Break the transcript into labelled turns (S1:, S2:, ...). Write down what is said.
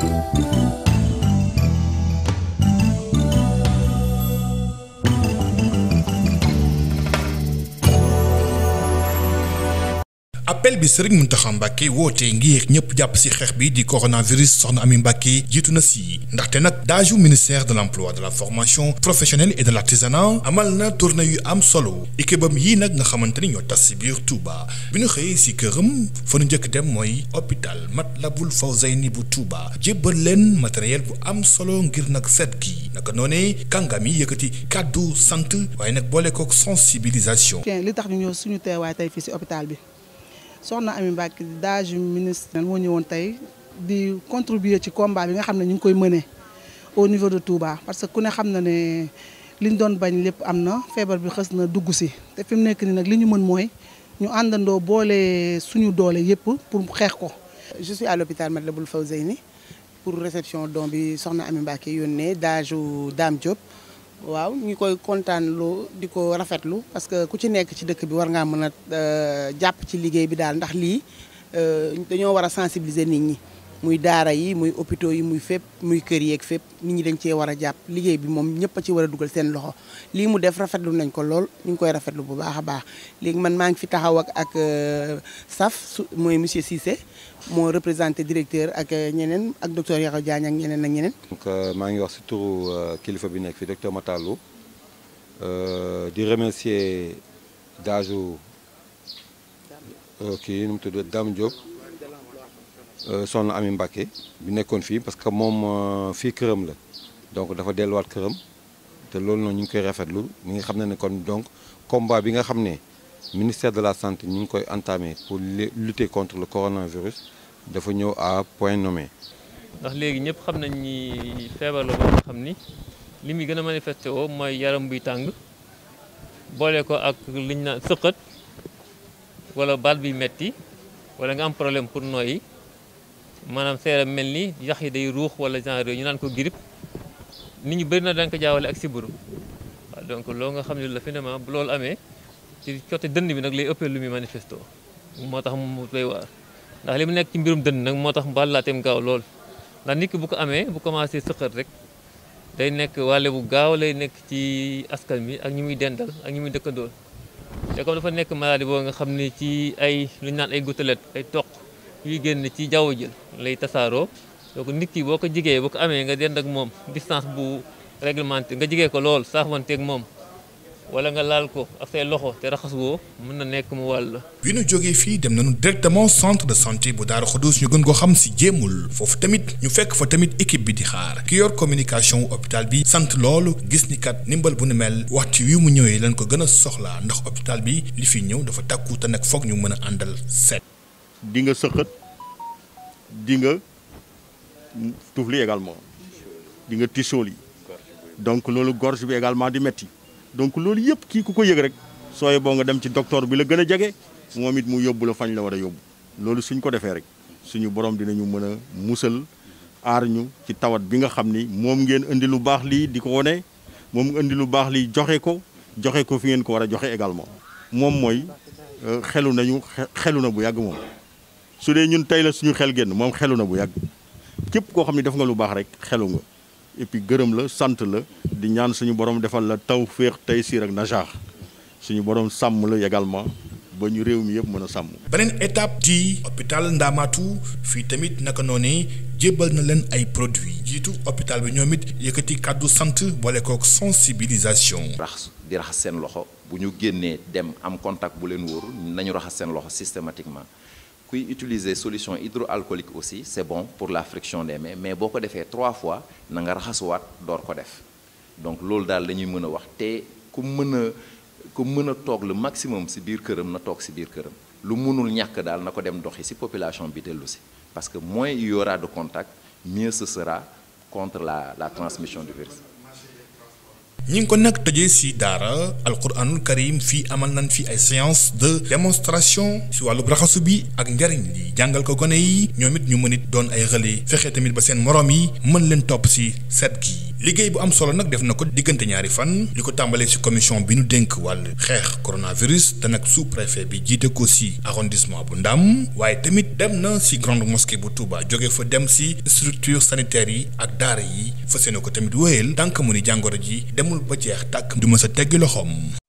S1: thank you appel bi sëriñ Muntaxa Mbàkke woote ngir ñëpp jàpp si xeex bi di coronavirus soxna Ami Mbàkke jiitu na si ndaxte nag daaju ministère de l' emploi de la formation professionnelle et de l' amal na tournée yu am solo équipam yii nag nga xamante ni ñoo tas si biir Touba bi ñu xëyee si këram fa nu njëkk dem mooy hôpital Matlaboul Fawzayni bu Touba jébbal leen matériel bu am solo ngir nag set gi naka noonee kàngam yi yëkkati kàddu sant waaye nag boole kook sensibilisation.
S2: li tax ñu bi. soxna ami Mbacke DAGE ministre moo ñëwoon tey di contribuer ci combat bi nga xam ne ñu ngi koy mëne au niveau de Touba parce que ku ne xam na ne li ñu doon bañ lépp am na feebar bi xës na dugg si te fi mu nekk nii nag li ñu mën mooy ñu àndandoo boole suñu doole yëpp pour xeex ko. je suis à l'hôpital Matlaboul ni pour réception don bi soxna ami Amy Mbacke yónnee DAGE daam Diop. waaw ñu koy kontaan lu di ko rafetlu parce que ku ci nekk ci dëkk bi war ngaa mën a euh, jàpp ci liggéey bi daal ndax lii euh, dañoo war a sensibiliser nit ñi. muy daara yi muy hôpitaux yi muy fépp muy kër yeeg fépp nit ñi dañ cee war a jàpp liggéey bi moom ñëpp a ci war a dugal seen loxo lii mu def rafetlu nañ ko lool ñu ngi koy rafetlu bu baax a baax léegi man maa ngi fi taxaw ak ak euh, SAF mooy monsieur Cissé moo représenté directeur ak euh, ñeneen ak docteur Yakhya Diagne ak ñeneen ak ñeneen.
S3: donc euh, maa ngi wax si turu kilifa bi nekk fi docteur Matar Lo di remercier Dajou kii nu mu tudd Dame Diop. Euh, soxna Ami Mbacke bi nekkoon fii parce que moom euh, fii këram la donc dafa delluwaat këram te loolu noonu ñu ngi koy rafetlu ñi nga xam ne ne kon donc combat bi nga xam ne ministère de la santé ñu ngi koy entamé pour lutter contre le coronavirus dafa ñëw à point nommé.
S4: ndax léegi ñëpp xam nañ ni feebar la ba nga xam ni li muy gën a manifesté woo mooy yaram buy tàng boole ko ak liñ naan sëqët wala baat bi metti wala nga am problème pour nooyi. maanaam seeram mel ni yax yi day ruux wala genre yooyu ñu naan ko grippe nit ñu bëri na daan ko jaawale ak sibbiru waaw donc loo nga xam ne la finalement bu loolu amee ci côté dënd bi nag lay ëppee lu muy manifesto moo tax mu lay waar ndax li mu nekk ci mbirum dënd nag moo tax mbàllaateem gaaw lool ndax nit bu ko amee bu commencé sëqat rek day nekk wàlle bu gaaw lay nekk ci askan bi ak ñi muy dendal ak ñi muy dëkkandool te comme dafa nekk maladie boo nga xam ne ci ay lu ñu naan ay gouttelette ay toq yuy génn ci jaww ji lay tasaaroo ko nit ki boo ko jigee boo ko amee nga dend ak moom distance bu réglementé nga jigee ko lool saafanteeg moom wala nga laal ko ak say loxo te raxas woo mën na nekk mu wàll.
S1: bi nu jógee fii dem nañu directement centre de santé bu Daaru Xuddus ñu gën ko xam si jéemul foofu tamit ñu fekk fa tamit équipe bi di xaar ki yor communication hôpital bi sant loolu gis ni kat ndimbal bu ni mel waxtu wi mu ñëwee lañ ko gën a soxlaa ndax hôpital li fi ñëw dafa takku te nag foog ñu mën a àndal set. di nga sëqët di nga
S3: tufli également di nga tisool yi donc loolu gorge bi également di metti donc loolu yëpp kii ku ko yëg rek sooy boo nga dem ci docteur bi la gën a jege moom it mu yóbbula fañ la war a yóbbu loolu suñ ko defee rek suñu borom dinañu mën a musal aar ñu ci tawat bi nga xam ni moom ngeen indi lu baax lii di ko wane moom indi lu baax lii joxe ko joxe ko fi ngeen ko war a joxe également moom mooy euh, xelu nañu xelu na bu yàgg moom. su dee ñun tey la suñu xel génn moom xelu na bu yàgg képp koo xam ne def nga lu baax rek xelu nga et puis gërëm la sant la di ñaan suñu borom defal la taw féex tey siir ak najaax suñu borom sàmm la également ba ñu réew mi yëpp mën a sàmm.
S1: beneen étape di hôpital Ndamaatu fii tamit naka noonu jébbal na leen ay produits jiitu hôpital bi ñoom it yëkkati kàddu sant boole kook sensibilisation. raxas di raxas seen loxo bu ñu génnee dem am contact bu leen nañu raxas seen loxo systématiquement. kuy utiliser solution hydroalcoolique aussi c'est bon pour la friction des mains mais boo ko defee trois fois nanga nga raxasuwaat door ko def donc loolu daal la ñuy mën a wax te ku mën a ku mën a toog le maximum ci biir këram na toog ci biir këram lu mënul ñàkk daal na ko dem doxi ci population bi dellu ci parce que mooy il y de contact mieux ce sera contre la la transmission du virus ñi ngi ko nag tëje si daara alquranul karim fii amal nañ fii ay séance de démonstration si wàllu raxasu bi ak njariñ li jàngal ko gone yi ñoom it ñu mën it doon ay relais fexe tamit ba seen moroom yi mën leen topp si set gi liggéey bu am solo nag def na ko diggante ñaari fan li ko tàmbalee ci commission bi nu dénk wàll xeex coronavirus te nag sous préfet bi jiite ko ci arrondissement bu Ndam waaye tamit dem na ci grande mosquée bu Touba jóge fa dem ci structure sanitaire yi ak daara yi fas yéene ko tamit wéyal tànk mu ni jàngoro ji demul ba jeex tàkk du ma sa teggi loxoom